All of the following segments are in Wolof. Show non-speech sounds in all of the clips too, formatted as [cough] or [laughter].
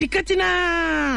dikkati na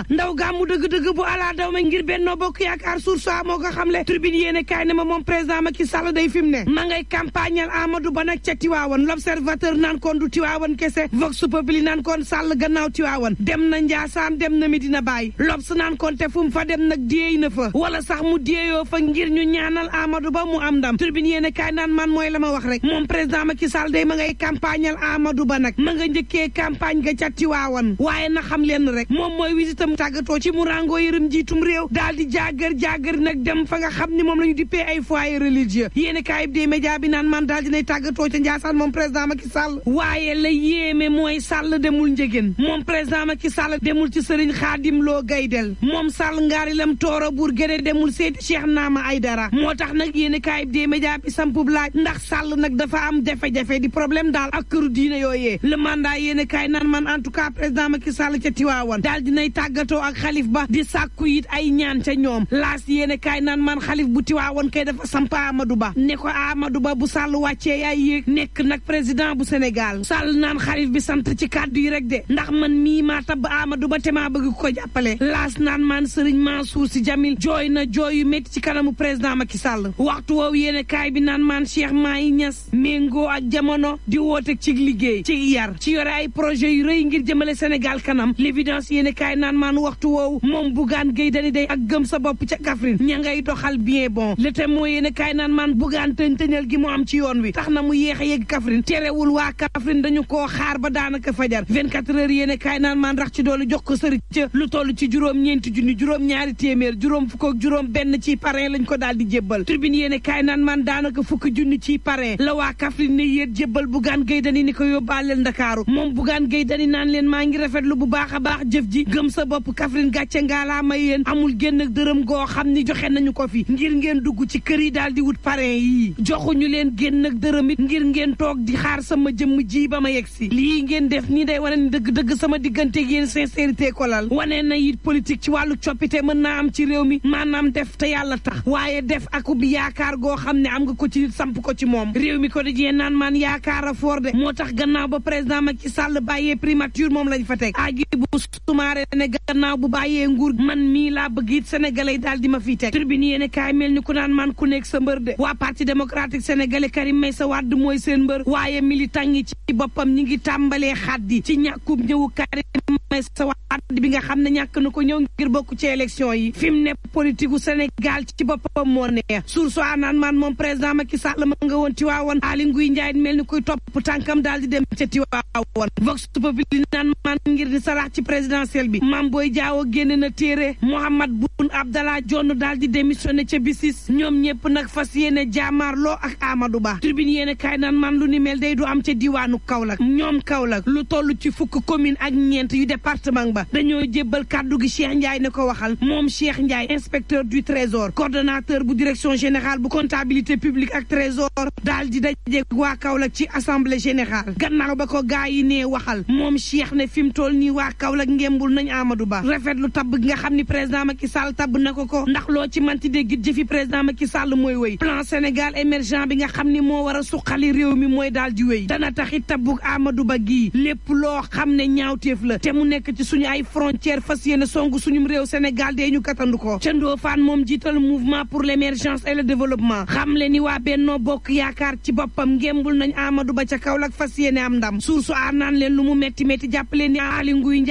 ndaw gàmmu dëgg-dëgg bu alaa daw ma ngir Benno Bokk Yaakaar source moo ko xamle tribune yéene kaay ne ma moom président Macky Sall day fi mu ne ma ngay campagnal Amadou Ba nag ca Tiwaawan l'observateur naan koon du Tiwaawan kese Vox Populi naan koon Sall gannaaw Tiwaawan dem na Njaasaan dem na mi Medina bàyyi L'Obs naan koon te fu fa dem nag déey na fa wala sax mu déeyoo fa ngir ñu ñaanal Amadou Ba mu am ndam tribune yéene kaay naan man mooy la ma wax rek moom président Macky Sall day ma ngay campagnal Amadou Ba nag ma nga njëkkee campagne ga ca Tiwaawan waaye lenn rek moom mooy wisitam tàggatoo ci mu rangoo yërëm njiitum réew daal di jàggar jàggar nag dem fa nga xam ni moom la ñu dippee ay foyer religieux yéeni kaay bi dee média bi naan man daal dinay tàggatoo ca Njaasaan moom président Macky Sall waaye la yéeme mooy Sall demul njëgeen moom ma ki Sall demul ci sëriñ Xaadim Loo Gaydel moom Sall ngaari lam toora buur gëre demul seeti ma ay dara moo tax nag yéeni kaay bi dee média bi sampub laaj ndax Sall nag dafa am jafe-jafe di problème daal ak këru diine yooyee le mandat yéeni kaay naan man en tout cas président Macky Sall Tiwaawan daal dinay tàggatoo ak xalif ba di sàkku it ay ñaan ca ñoom laas yéene naan man xalif bu Tiwaawan kay dafa samp Amadou Ba ne ko Amadou Ba bu Sall wàccee yaay yéeg nekk nag président bu Sénégal Sall naan xalif bi sant ci kàddu yi rek de ndax man mii maa tabb amadu Ba te maa bëgg ko jàppale laas naan man sëriñ Mansour si Djamil jooy na jooy yu métti ci kanamu président ma Macky Sall waxtu woowu yéene bi naan man Cheikh Mahi Niass méngoo ak jamono di woote ci liggéey ci yar ci ay projet yu rëy ngir jëmale Sénégal kanam évidence yéene kaay naan maan waxtu woowu moom Bougane Gueye Dany day ak gëm sa bopp ca Kaffrine ña ngay doxal bien bon le moo mooy yéene kaay naan maan Bougane tëñ-tëñal gi mu am ci yoon wi tax na mu yéex a yegg Kaffrine terewul waa Kaffrine dañu koo xaar ba daanaka fajar 24 heures yéene kaay naan maan rax ci doolu jox ko sëri ca lu toll ci juróom-ñeenti junni juróom-ñaari téeméer juróom fukk ak juróom benn ci parrain lañ ko daal di jébbal tribune yéene kaay naan maan daanaka fukki junni ci parrain la waa Kaffrine ne yéet jébbal Bougane Gueye Dany ni ko yóbbaaleel Ndakaaru moom Bougane Gueye Dany naan leen maa ngi rafetlu bu baax baax jëf ji ngëm sa bopp Kaffrine gàcce ngaa laa may amul génn ak dërëm goo xam ni joxe nañu ko fi ngir ngeen dugg ci kër yi daal di wut parrain yii joxuñu leen génn ak dërëm it ngir ngeen toog di xaar sama jëm ji ba ma yegg si lii ngeen def nii day wane ni dëgg-dëgg sama diggante ak yéen ko lal wane na it politique ci wàllu coppite mën naa am ci réew mi maanaam def te yàlla tax waaye def aku yaakaar goo xam ne am nga ko ci nit samp ko ci moom réew mi ko dajee naan maan yaakaar a foor de moo tax gannaaw ba président Macky Sall bàyyee primature moom lañ fa teg Soumaré ne gannaaw bu bàyyee nguur man mii laa bëgg it sénégalais daal di ma fiy teg ni yéen kaay mel ni ku naan man ku nekk sa mbër de waa parti démocratique sénégalais Karim Meïssa Wade mooy seen mbër waaye militant yi ci boppam ñi ngi tàmbalee xaddi ci ñàkkub ñëwu Karim Meïssa Wade bi nga xam ne ñàkk na ko ñëw ngir bokk ci élection yi fi mu ne politique u Sénégal ci boppam moo neex source a naan man moom président Macky Sall ma nga woon Tiwaawoon Aly Ngouille Ndiaye mel ni kuy topp tànkam daal di dem ca Tiwaawoon vox populi naan man ngir ni ci présidentielle bi Mame Boye Diao génne na téere Mouhamad Boun Abdallah Dionne daal di démissionné ca BICIS ñoom ñëpp nag fas yéene jaamaarloo ak Amadou Ba tribune yéene kaay naan man lu ni mel day du am ca diwaanu Kaolack ñoom Kaolack lu toll ci fukk commune ak ñeent yu département ba dañoo jébbal kàddu gi Cheikh Ndiaye ne ko waxal moom Cheikh Ndiaye inspecteur du trésor coordonnateur bu direction général bu comptabilité publique ak trésor daal di daje waa Kaolack ci assemblée générale gannaaw ba ko gaa yi ne waxal moom Cheikh ne fi mu toll nii waa Kaolack ngembul nañ Amadou Ba rafetlu tabb gi nga xam ni président Macky Sall tabb na ko ko ndax loo ci manti dégg jëfi président Macky Sall mooy wéy plan Sénégal émergent bi nga xam ni moo war a suqali réew mi mooy daal di wéy dana taxit tabbug Amadou Ba gii lépp loo xam ne ñaawteef la te mu nekk ci suñu ay frontière fas yéene song suñu réew Sénégal dee ñu katandu ko ca Ndofane moom jiital mouvement pour l'émergence et le développement xam le ni waa Benno Bokk Yaakaar ci boppam ngembul nañ Amadou Ba ca Kaolack fas yéene am ndam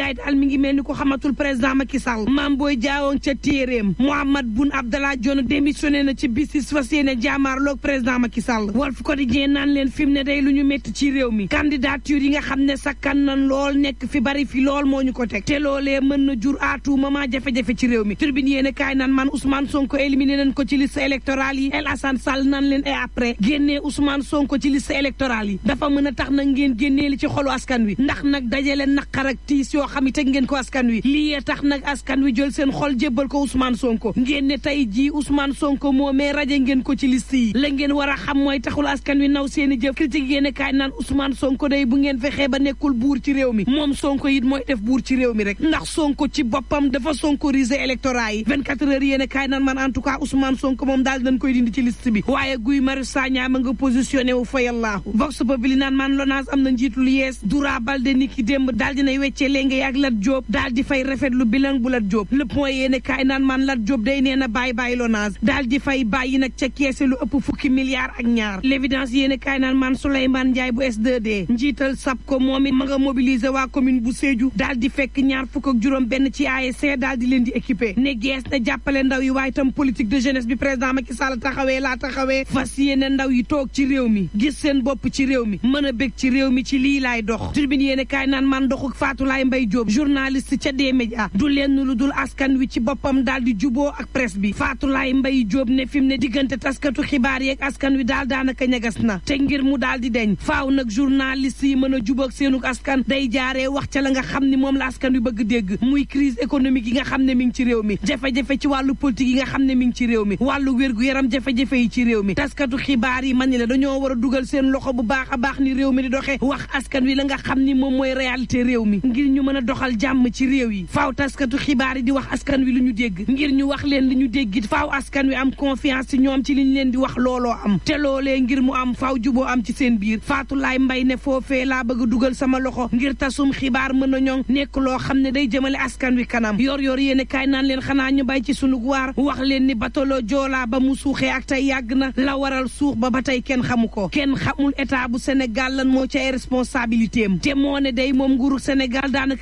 Ndiaye daal mi ngi mel ni ko xamatul président Macky Sall maam booy jaawoon ca téeréem Mouhamad Boun Abdallah Dionne démissionné na ci bisis fas yéene jaamaarloog président Macky Sall ko Quotidien naan leen fi mu ne day lu ñu métti ci réew mi candidature yi nga xam ne sakkan nan lool nekk fi bari fi lool moo ñu ko teg te loolee mën na jur à tout moment jafe-jafe ci réew mi turbine yéene kaay nan man Ousmane Sonko éliminé nañ ko ci liste électorale yi El Assane Sall nan leen et après génnee Ousmane Sonko ci liste électorale yi dafa mën a tax nag ngeen génnee li ci xolu askan wi ndax nag dajale naqar ak tiis xam ne teg ngeen ko askan wi lii tax nag askan wi jol seen xol jébbal ko Ousmane Sonko ngeen ne tey jii Ousmane Sonko moomee raje ngeen ko ci list yi la ngeen war a xam mooy taxul askan wi naw seeni i jëf critique yéen kaay naan Ousmane Sonko day bu ngeen fexee ba nekkul buur ci réew mi moom Sonko it mooy def buur ci réew mi rek ndax Sonko ci boppam dafa sonkoriser électorat yi 24 heures yéen kaay naan man en tout cas Ousmane Sonko moom daal dañ koy dindi ci liste bi waaye Guy Marius Sagna ma nga positionné wu fayallaahu vox populi naan man LONASE am na njiitu lu yees Doura Baldé niki démb daal dinay weccee léegi Gueye ak Lat Diop daal di fay rafetlu bilan bu Lat Diop le point yéene kaay naan man Lat Diop day nee na bàyyi bàyyi Lonase daal di fay bàyyi nag ca keese lu ëpp fukki milliards ak ñaar l'évidence yéene kaay naan man Souleymane Ndiaye bu SDD njiital SAPCO moom it ma nga mobiliser waa commune bu Sédhiou daal di fekk ñaar fukk ak juróom benn ci ASC daal di leen di équipé ne gees na jàppale ndaw yi waaye tam politique de jeunesse bi président Macky Sall taxawee laa taxawee fas yéene ndaw yi toog ci réew mi gis seen bopp ci réew mi mën a bég ci réew mi ci lii laay dox tribune yéene kaay naan man doxuk Fatou Laye Mbaye Diop journaliste ca des médias du lenn lu dul askan wi ci boppam daal di juboo ak presse bi Faatulaay Mbay Diop ne fi mu ne diggante taskatu xibaar yeeg askan wi daal daanaka ñagas na te ngir mu daal di deñ faaw nag journaliste yi mën a jubóog seenug askan day jaaree wax ca la nga xam ni moom la askan wi bëgg dégg muy crise économique yi xam ne mi ngi ci réew mi jafe-jafe ci wàllu politique yi nga xam ne mi ngi ci réew mi wàllu wér yaram jafe ci réew mi taskatu xibaar yi man ni la dañoo war a dugal seen loxo bu baax a baax ni réew mi di doxee wax askan wi la nga xam ni moom mooy réalité réew mi ngir ñu mën a doxal jàmm ci réew yi faaw taskatu xibaar yi di wax askan wi lu ñu dégg ngir ñu wax leen li ñu dégg it faaw askan wi am confiance ci ñoom ci liñ leen di wax looloo am te loolee ngir mu am faw juboo am ci seen biir faatulaay mbay ne foofee laa bëgg dugal sama loxo ngir tasum xibaar mën a ñoom nekk loo xam ne day jëmale askan wi kanam yor yor yéene kaay naan leen xanaa ñu bay ci sunu waar wax leen ni batolo joolaa ba mu suuxee ak tey yàgg na la waral suux ba ba tey kenn xamu ko kenn xamul état bu Sénégal lan moo ci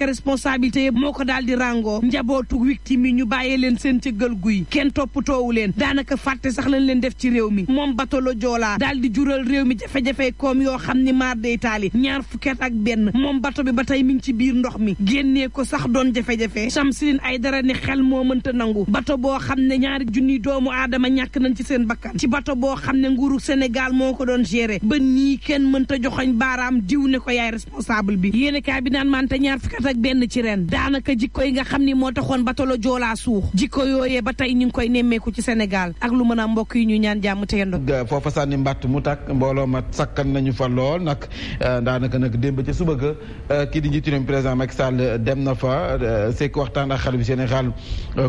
responsabilité yëpp moo ko daal di ràngoo njabootu mi yi ñu bàyyee leen seen cëggal guy kenn toppatoowu leen daanaka fàtte sax lañ leen def ci réew mi moom bato la joolaa di jural réew mi jafe-jafe koom yoo xam ni maar day taali ñaar fukket ak benn moom bato bi ba tey mi ngi ci biir ndox mi génnee ko sax doon jafe-jafe Samsine ay dara ne xel moo mënta nangu bato boo xam ne ñaari junni doomu aadama ñàkk nañ ci seen bakkan ci bato boo xam ne nguuru Sénégal moo ko doon géré ba nii kenn mënta joxoñ baaraam diw ne ko yaay bi ak benn ci ren daanaka jikko yi nga xam ni moo taxoon batalo joolaa suux jikko yooyee ba tey ñu ngi koy nemmeeku ci Sénégal ak lu mën a mbokk yi ñu ñaan jàmm te yendoo foofa sànni mbàtt mu tàkk mbooloo ma sakkan nañu fa lool nak euh, daanaka nag démb ca suba ga euh, kii di njiitu réew mi président Macky Sall euh, dem na fa sekk waxtaan ak xalifa général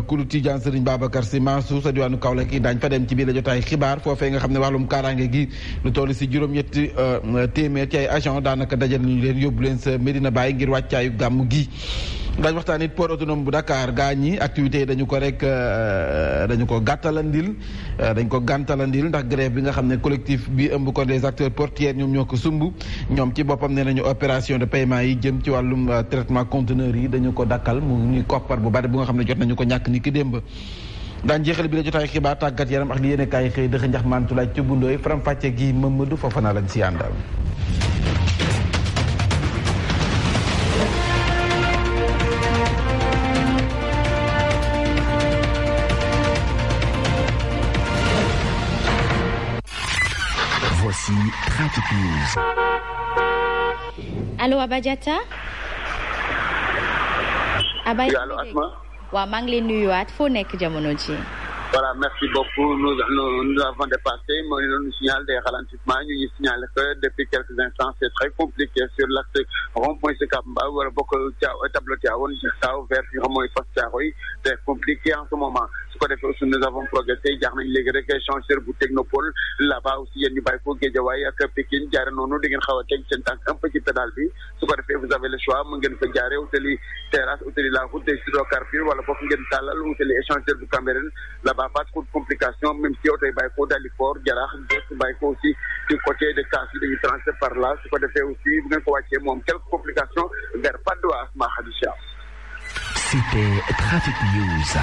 kulu Tijaan Sëriñ Babacar Si Mansour sa diwaanu Kaolack yi daañ fa dem ci biir la jotaay xibaar foofee nga xam ne wàllum kaaraange gi lu toll si juróom-ñetti téeméer ci ay agent daanaka dajal nañu leen yóbbu leen sa Medina Baye ngir wàccaayu gàmm gi daañu waxtaan it port autonome bu dakaar gaa ñi activités dañu ko rek euh, dañu ko gàttalandil euh, dañ ko gàttalandil ndax grève bi nga xam ne collectif bi ëmb ko des acteurs portuaires ñoom ñoo ko sumb ñoom ci boppam nee nañu opération de paiement yi jëm ci wàllum euh, traitement conteneur yi dañu ko dakkal mu ñuy koppar bu bari bu nga xam ne jot nañu ko ñàkk ni ki démb daan jeexal bi la jotaay xibaa tàggat yaram ak li yéen a kaay xëy dëxa njax maantulaaj ci bundooy faram fàcce gi Mamadou Fofana si àndal Voici Traffic News. allo Abadiata. Abay allo Asma. waaw maa ngi leen nuyuwaat foo nekk jamono ji. voilà merci beaucoup nous nous, nous avons dépassé mooy ñu signal des ralentissements ñu ngi signalé que depuis quelques instants c'est très compliqué sur l'axe rond-point Sicap Mbao wala bokk Thiaw euh, tableau Thiawoon Sicap vers fi nga xam mooy Fass Thiaroye c'est compliqué en ce moment. ko defee aussi nous avons progressé jaax nañ léegi rek changeur bu technopole là-bas aussi yéen ñu ko Guédiawaye ak Pikine jaare noonu di ngeen xaw teg seen tànk un peu ci pédale bi su ko vous avez le choix mu ngeen fa jaare utali terrasse utali la route des hydrocarbures wala boog ngeen tàllal utali échangeur bu Cambérène là-bas pas trop de complication même si oto yi ko Dalifort Jaraaf Diop bàyyi ko aussi du côté de Kaas yi dañuy par là su ko C'était Traffic News.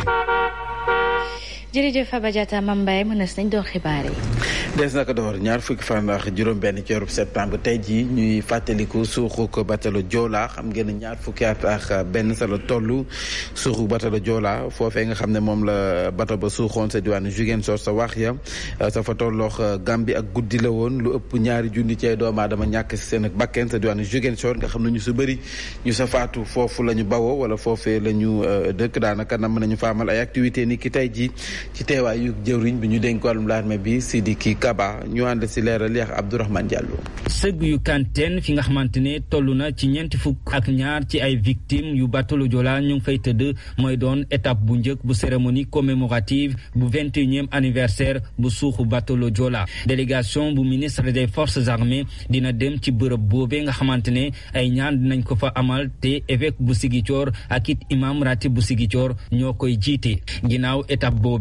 jërëjëf Faba Diatta Mame Mbaye mën nas nañ door xibaar yi des naka door ñaar fukki fan juróom benn ci weeru septembre tey ji ñuy fàttaliku suuxuk batalo Joola xam ngeen ñaar fukki ak benn sa toll suuxuk batalo Joola foofee nga xam ne moom la bato ba suuxoon sa diwaanu Ziguinchor sa wax ya sa fa tolloox Gàmbi ak guddi la woon lu ëpp ñaari junni ci ay doomu aadama ñàkk si seen ak bakken sa diwaanu Ziguinchor nga xam ne ñu su bëri ñu sa faatu foofu la ñu bawoo wala foofee la ñu euh, dëkk daanaka nam nañu faamal ay activité ni tey ji ci teewaayu jëwriñ bi ñu dénk wàllum l'armée bi Sidiki Kaba ñu ànd si leeral yax Abdourahmane Diallo. sëgg yu kanteen fi nga xamante ne toll na ci ñeenti fukk ak ñaar ci ay victimes yu batolo jola ñoo ngi fay tëdd mooy doon étape bu njëkk bu cérémonie commémorative bu vingt et unième anniversaire bu suuxu batolo Joola délégation bu ministre des forces armées dina dem ci bërëb boobee nga xamante ne ay ñaan dinañ ko fa amal te évêque bu Sigicoor ak it imam ratib bu Sigicoor ñoo koy jiite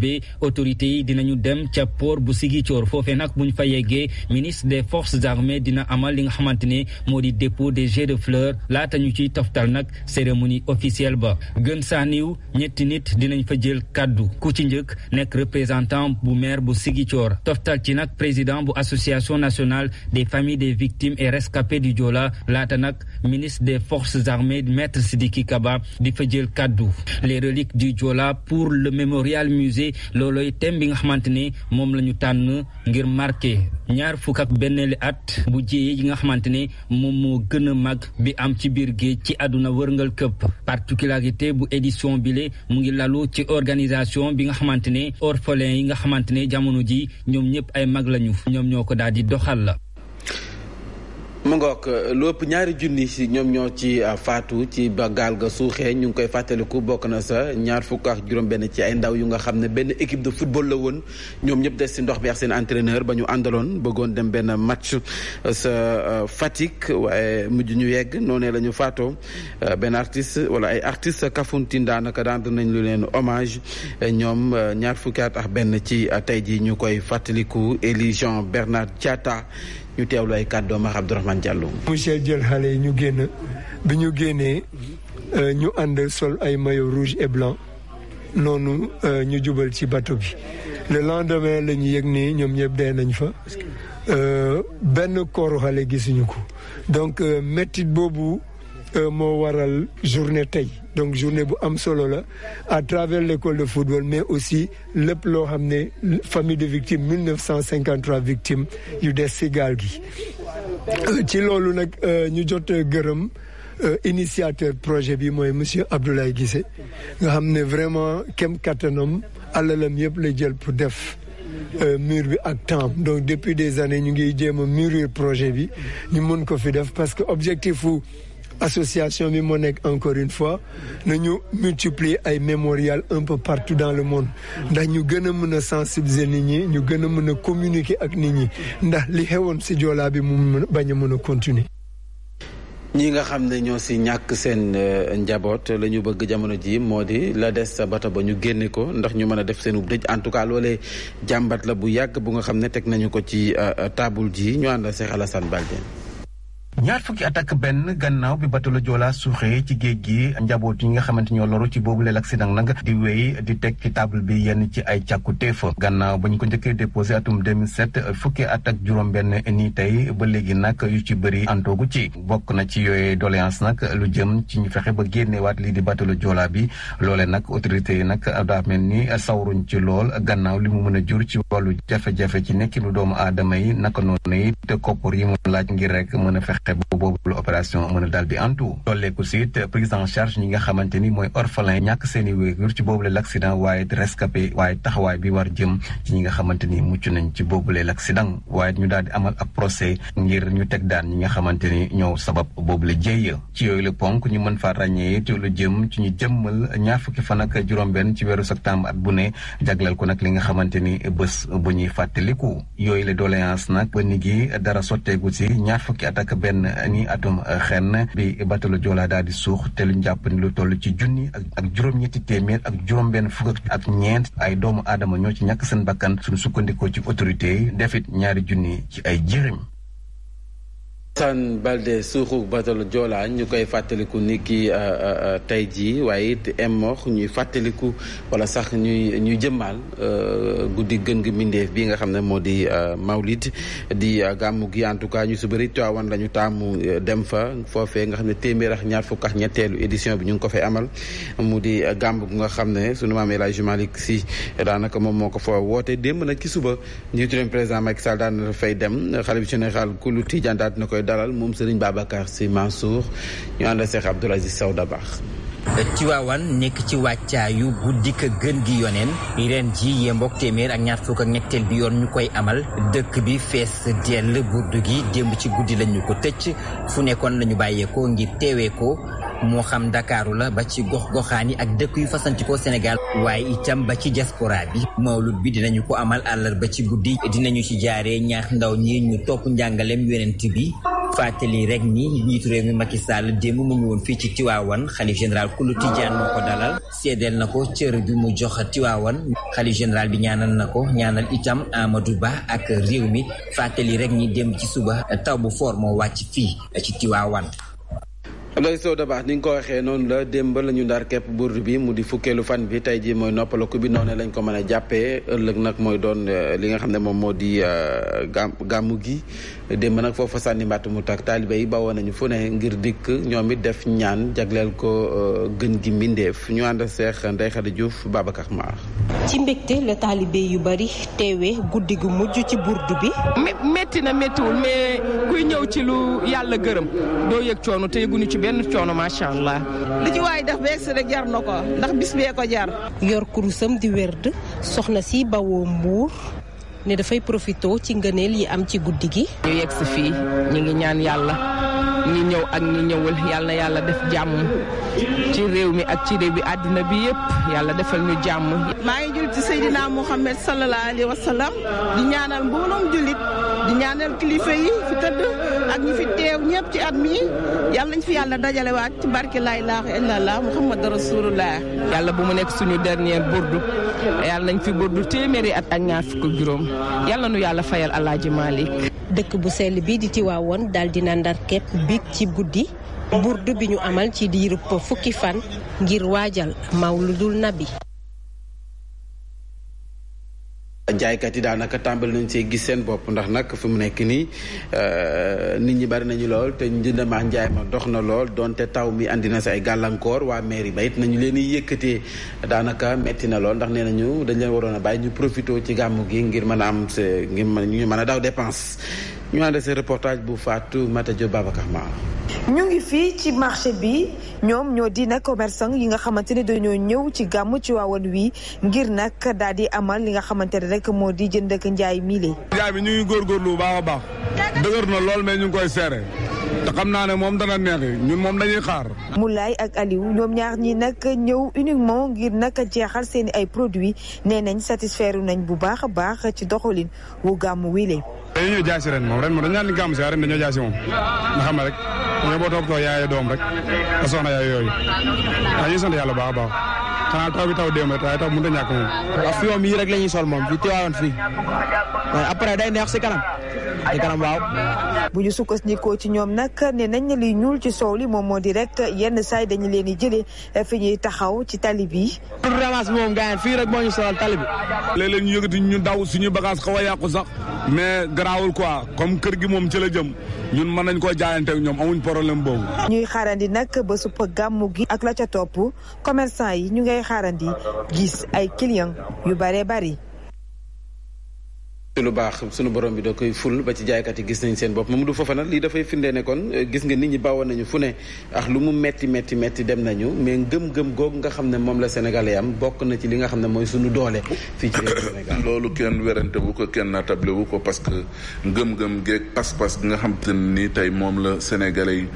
boobee autorité yi dinañu dem ca port bu Ziguinchor foofee nag ñu fa yeggee ministre des forces armées dina amal li nga xamante ne moo di dépôt des jets de fleurs laata ñu ciy toftal nag cérémonie officielle ba gën saa niiw ñetti nit dinañ fa jël kàddu ku ci njëkk nekk représentant bu maire bu Ziguinchor toftal ci nag président bu association nationale des familles des victimes et rescapés du Joola laata nag ministre des forces armées maître Sidiki Kaba di fa jël kaddu les relique du Joola pour le mémorial musée loolooy thème bi nga xamante ne moom la ñu tànn ngir marqué ñaar fukk ak benneeli at bu jiyee yi nga xamante ne moom moo gën a mag bi am ci biir géej ci àdduna wërngal këpp particularité bu édition bile mu ngi lalu ci organisation bi nga xamante ne orphelin yi nga xamante ne jamono ji ñoom ñëpp ay mag lañu ñoom ñoo ko daal di doxal la mu ngoog lu ëpp ñaari junni si ñoom ñoo ci ah, faatu ci ba gaal ga suuxee ñu ngi koy fàttaliku bokk na sa ñaar fukk ak juróom-benn ci ay ndaw yu nga xam ne benn équipe de football la woon ñoom ñëpp des si ndox bi ak seen entraîneur ba ñu àndaloon bëggoon dem benn match ah, sa ah, Fatick waaye mujj ñu yegg noonee lañu faatoo benn artiste wala ay artiste Kafountine daanaka rendre nañ lu leen hommage ñoom ñaar fukki at benn ci tey ji ñu koy fàttaliku Élie Jean Bernard ñu teewlu ay kàddoom ak Abdourahmane Diallo. monsieur jël xale yi ñu génn bi ñu génnee euh, ñu ànd sol ay maillot rouge et blanc noonu euh, ñu jubal ci bateau bi le lendemain la ñu yëg nii ñoom ñëpp dee nañ fa euh, benn kooru xale gisuñu ko donc métit boobu. Euh, moo waral journée tey donc journée bu am solo la à travers l' de football mais aussi lépp loo xam ne famille de victimes 1953 victimes yu des si gaal gi. Euh, ci loolu nag euh, ñu jot gërëm initiateur projet bi mooy monsieur Abdoulaye Guissé nga xam ne vraiment kem kattanam alalam yëpp la jël pour def. mur bi ak temps donc depuis des années ñu ngi jéem a mûrir projet bi ñu mën ko fi def parce que objectif fu association bi moo nekk encore une fois nañu multiplier ay mémorial un peu partout dans le monde ndax ñu gën a mën a sensibiliser nit ñi ñu gën a mën a communiquer ak nit ñi ndax li xewoon ci joolaa bi mu bañ a mën a continuer ñi nga xam ne ñoo si ñàkk seen euh, njaboot la ñu bëgg jamono ji moo di la des sa bata ba ñu génne ko ndax ñu mën a def seen ub dëj en tout cas loolee jàmbat la bu yàgg bu nga xam ne teg nañu ko ci euh, taabul ji ñu àndal Cheikh Alassane Baldé ñaar fukki at benn gannaaw bi bateau Joola suuxee ci géej gi njaboot yi nga xamante ñoo loru ci boobu leel accident nag di wéy di teg ci table bi yenn ci ay càkkute càkkutéef gannaaw ba ñu ko njëkkee déposé atum 2007 fukki at ak juróom-benn ni tey ba léegi nag yu ci bëri antoogu ci bokk na ci yooyee doléance nag lu jëm ci ñu fexe ba génneewaat lii di bateau Joola bi loole nag autorité yi nag daa mel ni sawaruñ ci lool gannaaw li mu mën a jur ci wàllu jafe-jafe ci nekkinu doomu aadama yi naka noonu yi te koppar yi mu laaj ngir rek mën a fexe fexe bu boobu la opération mën a daal di antu tolleeku siit prise en charge ñi nga xamante ni mooy orphelin ñàkk seen i wéyjur ci boobule l' accident waaye rescapé waaye taxawaay bi war jëm ci ñi nga xamante ni mucc nañ ci boobule l' accident waaye ñu daal di amal ab procès ngir ñu teg daan ñi nga xamante ni ñoo la boobule jéy ci yooyu la ponk ñu mën faa ràññee te lu jëm ci ñu jëmmal ñaar fukki fa ak juróom-benn ci weeru septembre at bu ne jaglal ko nag li nga xamante ni bés bu ñuy fàttaliku yooyu la doléance nag ba dara sotteegu si ñaar fukki at ak benn benn ni atum euh, xenn bi batalu Joola daal di suux te luñ jàpp ni lu toll ci junni ak juróom-ñetti téeméer ak juróom-benn fukk ak ñeent ay doomu aadama ñoo ci ñàkk seen bakkan suñu sukkandikoo ci autorité yi defit ñaari junni ci ay jërim Alassane Balde suuxu batalu Joola ñu koy fàttaliku ni ki euh, euh, euh, tey jii waaye it Emox ñuy fàttaliku wala sax ñuy ñuy jëmmaal guddi gën gi mbindeef bi nga xam ne moo di Mawlid di gàmmu gi en tout cas ñu su bëri wan la ñu taamu dem fa foofee nga xam ne téeméer ñaar fukk ñetteelu édition bi ñu ngi ko fay amal mu di gàmmu gi nga xam ne sunu maam El Hadji Malick daanaka moom moo ko fa woote démb nag ci suba njiitu leen président Macky Sall daan fay dem xalifa dalal moom Serigne Babacar Sy Mansour ñu ànd ak Cheikh Abdoul Aziz Sow Dabakh Tiwaawan nekk ci wàccaayu guddi ka gën gi yoneen ren ji yembook téeméer ak ñaar fukk ak ñetteel bi yoon ñu koy amal dëkk bi fees dell burdu gi démb ci guddi lañu ko tëcc fu nekkoon lañu bàyyeekoo ngir teewee ko moo xam ndakaaru la ba ci gox goxaan yi ak dëkk yu fasantikoo senegal waaye itam ba ci diaspora bi mawlud bi dinañu ko amal ba ci guddi dinañu ci jaaree ñaax ndaw ñi ñu topp njàngaleem yonent bi fàttali rek ni njiitu réew mi Macky Sall démb mu ngi woon fii ci Tiwaawan xalif général Kulu Tijaan moo ko dalal seedeel na ko cër bi mu jox Tiwaawan xalif général bi ñaanal na ko ñaanal itam Amadou Ba ak réew mi fàttali rek ni démb ci suba taw bu foor moo wàcc fii ci Tiwaawan Ndeye Sow Dabakh ni nga ko waxee noonu la démb la ñu ndar képp burdu bi mu di fukkeelu fan bi tey jii mooy noppalaku bi noonu lañ ko mën a jàppee ëllëg nag mooy doon euh, li nga xam ne moom moo di euh, gàmmu gi démb nag foofa sànni mbatt mu tak taalibe yi bawoo nañu fu ne ngir dikk ñoom it def ñaan jagleel ko euh, gën gi mbindeef ñu ànd seex Ndeye Khady Diouf Babacar Maar ci mbégte la taalibe yu bari teewee guddi gu mujj ci burdu bi. metti na méttiwul kuy ñëw ci lu yàlla gërëm doo yëg coono te yëguñu ci benn coono macha allah. li ci waay def beeg si rek jar na ko ndax bis bee ko jar. yor kurusam di werd soxna si bawoo mbuur ne dafay profité ci ngëneel yi am ci guddi gi. ñu yegg si fii ñu ngi ñaan yàlla ñi ñëw ak ñi ñëwul yàlla yàlla def jàmm ci réew mi ak ci réew bi àddina bi yëpp yàlla defal ñu jàmm. maa ngi jullit ci Seydina Mouhamed sallallahu alayhi di ñaanal mbooloom jullit. di ñaanal yi fi tëdd ak ñi fi teew ñëpp ci at mi yàlla nañ fi yàlla dajale waat ci barke laa ilaaha illallah muhammad rasulullah yàlla bu mu nekk suñu dernier burdu yàlla nañ fi burdu téeméeri at ak ñaar fukk juróom yàlla nu yàlla fayal alaaji Malick dëkk bu sell bii di Tiwaawoon daal dina ndar biig ci guddi burdu bi ñu amal ci diirub fukki fan ngir waajal mawludul nabi jaaykat yi daanaka tàmbali nañ see gis seen bopp ndax nag fi mu nekk nii euh, nit ñi bari nañu lool te njënd ma njaay ma dox na lool donte taw mi andi na si ay gàllankoor waa mairie ba it nañu leen di yëkkatee daanaka metti na lool ndax nee ñu dañ leen waroon a bàyyi ñu profité ci gàmmu gi ngir mën a am ngir mën ñu mën a daw dépense. ñu ànd seen reportage bu Fatou Mata Diop Babacar Mar ñu ngi fii ci marché bi ñoom ñoo di nag commerçant yi nga xamante ne dañoo ñëw ci gàmm ci waawan wi ngir nag daal di amal li nga xamante ne rek moo di jënd ak njaay miile. njaay bi ñu ngi góorgóorlu lu baax baax dëgër na lool mais ñu ngi koy seere te xam naa ne moom dana neex ñun moom dañuy xaar. Moulay ak Aliou ñoom ñaar ñi nag ñëw uniquement ngir nag jeexal seen i ay produits nee nañ satisfaire nañ bu baax a baax ci doxalin wu gàmm wile. dañoo jaay si ren moom ren moom moom nga xam ne rek dañoo boo toog too yaayee doom rek te soxna yaay yooyu dañuy sant yàlla baax a baax. xanaa taw bi taw démb rek waaye taw a ñàkk moom. waaw fii moom yii rek la ñuy sol après day neex si kanam. ci kanam waaw. bu ñu sukkandikoo ci ñoom nag ne nañ ne liy ñuul ci soow li moom moo di rek yenn saay dañu leen di jëlee fi ñuy taxaw ci tali bi. pour ramas moom gars fii rek moo ñu soxal tali bi. léeg-léeg ñu yëngati ñu daw suñu bagage xaw a yàqu sax mais garaawul quoi comme kër gi moom ci la jëm ñun mën nañ koo jaayante ak ñoom amuñ problème boobu. ñuy xaarandi nag ba supp gàmmu gi ak la ca topp commerçant yi ñu ngay xaarandi gis ay clients yu bare bari. ci lu baax sunu borom bi da koy ful ba ci jaaykat yi gis nañ seen bopp Mamadou Fofana lii dafay firndee ne kon eh, gis nga nit ñi bàwoon nañu fu ne ak lu mu metti metti metti dem nañu mais ngëm-ngëm googu nga xam ne moom la Sénégal yam bokk na ci li nga xam ne mooy sunu doole fii ci [coughs] loolu kenn werante bu ko kenn natable wu ko parce que ngëm-ngëm geeg pas-pas gi nga xam te nii tey moom la Sénégalais yi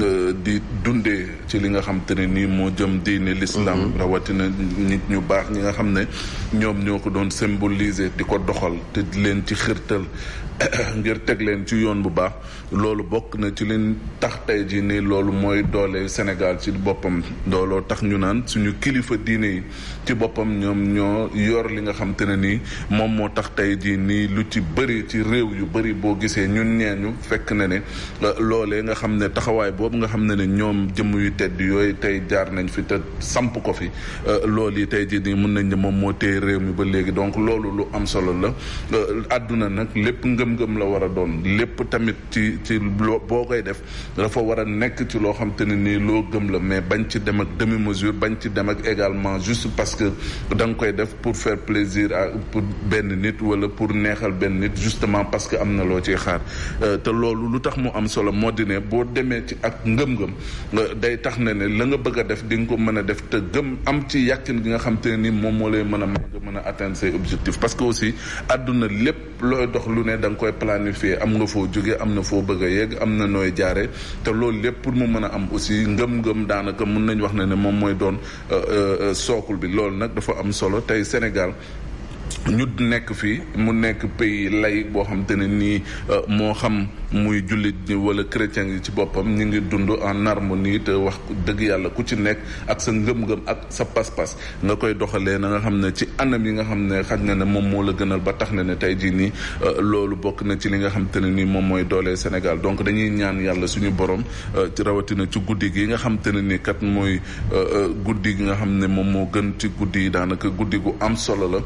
euh, di dundee ci li nga xam ne nii moo jëm diine l'islam mm-hmm. rawatina nit ñu baax ñi nga xam ne ñoom ñoo ko doon symboliser di ko doxal te leen ci xërtal [coughs] ngir teg leen ci yoon bu baax loolu bokk na ci leen tax tey jii nii loolu mooy doole Sénégal ci boppam dooloo tax ñu naan suñu kilifa diine yi ci boppam ñoom ñoo yor li nga xam ne nii moom moo tax tey jii nii lu ci bëri ci réew yu bëri boo gisee ñun ñeeñu fekk na ne euh, loolee nga xam ne taxawaay boobu nga xam ne ne ñoom jëmm yu tedd yooyu tey jaar nañ fi te samp ko fi euh, loolu yi tey jii nii mën nañ ne moom moo téye réew mi ba léegi donc loolu lu am solo la euh, àdduna nag lépp nga ngëm-ngëm la war a doon lépp tamit ci ci loo boo koy def dafa war a nekk ci loo xam te ne nii loo gëm la mais bañ ci dem ak demi mesure bañ ci dem ak également juste parce que danga koy def pour faire plaisir à pour benn nit wala pour neexal benn nit justement parce que am na loo ciy xaar euh, te loolu lu tax mu am solo moo di ne boo demee ci ak ngëm-ngëm day tax ne ne la nga bëgg def di nga ko mën a def te gëm am ci yàqin gi nga xam te ne nii moom moo lay mën a mën a atteindre say parce nga koy planifier am na foo jóge am na foo bëgg a yegg am na nooy jaare te loolu lépp pour mu mën a am aussi ngëm-ngëm daanaka mun nañ wax ne ne moom mooy doon euh, euh, euh, sookul bi loolu nag dafa am solo tey Sénégal ñu nekk fii mu nekk pays lay boo xam te ne nii euh, moo xam muy jullit ñi wala chrétien yi ci boppam ñu ngi dund en harmonie te wax dëgg yàlla ku ci nekk ak sa ngëm-ngëm ak sa pas-pas nga koy doxalee na nga xam ne ci anam yi nga xam ne xaj na ne moom moo la gënal ba tax na ne tey jii nii euh, loolu bokk na ci li nga xam ne nii moom mooy doolee Sénégal donc dañuy ñaan yàlla suñu borom euh, ci rawatina ci guddi gi nga xam te ne nii kat mooy guddi gi nga xam ne moom moo gën ci guddi yi daanaka guddi gu am solo la.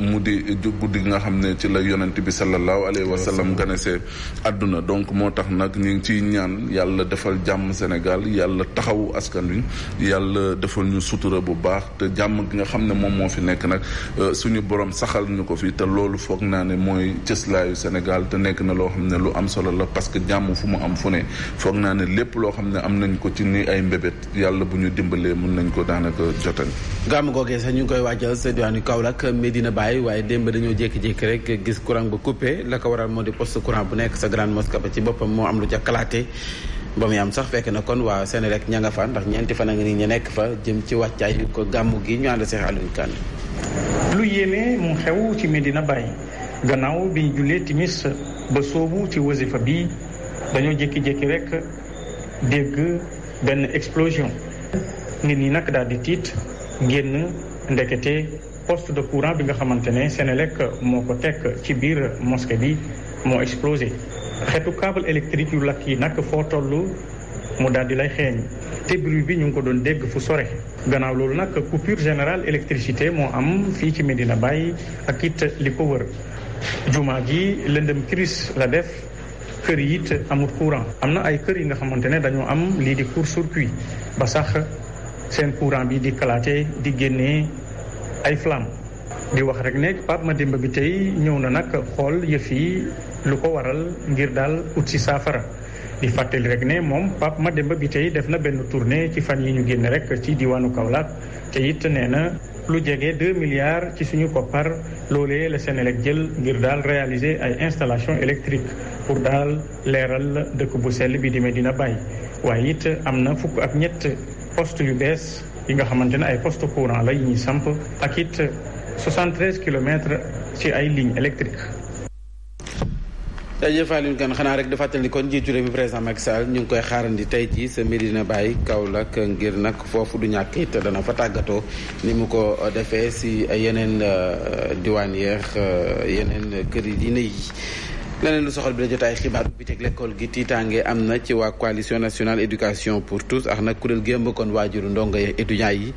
mu di guddi gi nga xam ne ci la yonent bi sallallahu alayhi wa sallam ganese àdduna donc moo tax nag ñu ngi ciy ñaan yàlla defal jàmm Sénégal yàlla taxawu askan wi yàlla defal ñu sutura bu baax te jàmm gi nga xam ne moom moo fi nekk nag euh, suñu borom saxal ñu ko fi te loolu foog naa ne mooy cëslaayu Sénégal te nekk na loo xam ne lu am solo la parce que jàmm fu mu am fu ne foog naa ne lépp loo xam ne am nañ ko ci ni ay mbebet yàlla bu ñu dimbalee mun nañ ko daanaka jotal gàmm googee sax ñu aay waaye démb dañoo jékki-jékki rek gis courant ba coupé la ko waral moo di poste courant bu nekk sa grande mosquée ba ci boppam moo am lu ca kalaate ba muy am sax fekk na kon waa seen rek ña nga fa ndax ñeenti fan a ngi nii ñu nekk fa jëm ci wàccaay yu ko gàmmu gi ñu ànd Seex Aliou Kane lu yéeme mu xew ci Medina Baye gannaaw bi ñu jullee timis ba soobu ci wasifa bi dañoo jékki-jékki rek dégg benn explosion nit ñi nag daal tiit génn ndekete poste de courant bi nga xamante ne Senelec moo ko teg ci biir mosquée bi moo explosé xeetu câble électrique yu lakk yi nag foo toll mu daal di lay xeeñ te bi ñu ngi ko doon dégg fu sore gannaaw loolu nag coupure générale électricité moo am fii ci Medina Baye ak it li ko wër jumaa gi lëndëm crise la def kër yi it amul courant am na ay kër yi nga xamante ne dañoo am lii di court-circuit ba sax seen courant bi di kalaate di génnee ay flamme di wax rek ne Pape Mademba bi tey ñëw na nag xool yëf yi lu ko waral ngir daal ut si saafara di fàttali rek ne moom Pape Mademba bi tey def na benn tournée ci fan yi ñu génn rek ci diwaanu Kaolack te it nee na lu jege 2 milliards ci suñu koppar loolee la Senelec jël ngir daal réaliser ay installation électrique pour daal leeral dëkk bu sell bi di Medina Baye waaye it am na fukk ak ñett poste yu bees yi nga xamante ne ay post courant la yi ñuy samp ak it 73 kilomètres ci ay ligne électrique jaajëf Alioune Kane xanaa rek di fàttali ni kon njiitu réew mi président Macky ñu ngi koy xaarandi tey jii sa Medina Baye Kaolack ngir nag foofu du ñàkk it dana fa tàggatoo ni mu ko defee si yeneen euh, diwaan yeex euh, yeneen kër yi diine yi leneen lu soxal bi la jotaay xibaar bi teg l'école gi tiitaange am na ci waa coalition nationale éducation pour tous ak nag kuréel gi ëmb kon waajuru ndongo yi étudiants yi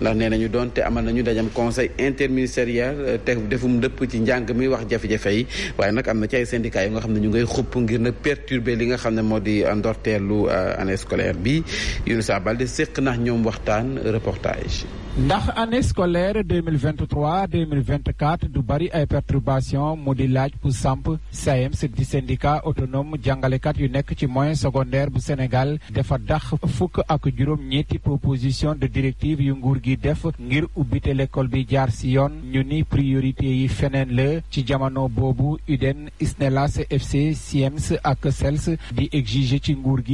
ndax nee nañu doonte amal nañu dajam conseil interministériel euh, te defum dëpp ci njàng mi wax jafe-jafe yi waaye nag am na ci ay syndicats yi nga xam ne ñu ngay xupp ngir na perturber li nga xam ne moo di ndorteelu euh, année scolaire bi Younoussa Baldé séq nax ñoom waxtaan reportage ndax année scolaire 2023 2024 du bari ay perturbation mu di laaj bu samp SAEMS e di syndicat autonome jàngalekat yu nekk ci moyen secondaire bu Sénégal dafa dax fukk ak juróom ñetti proposition de directive yu nguur gi def ngir ubbite l'école bi jaar si yoon ñu ni priorité yi feneen la ci jamono boobu UDEN SNELAS FC SIEMS ak SELS e di exiger ci nguur gi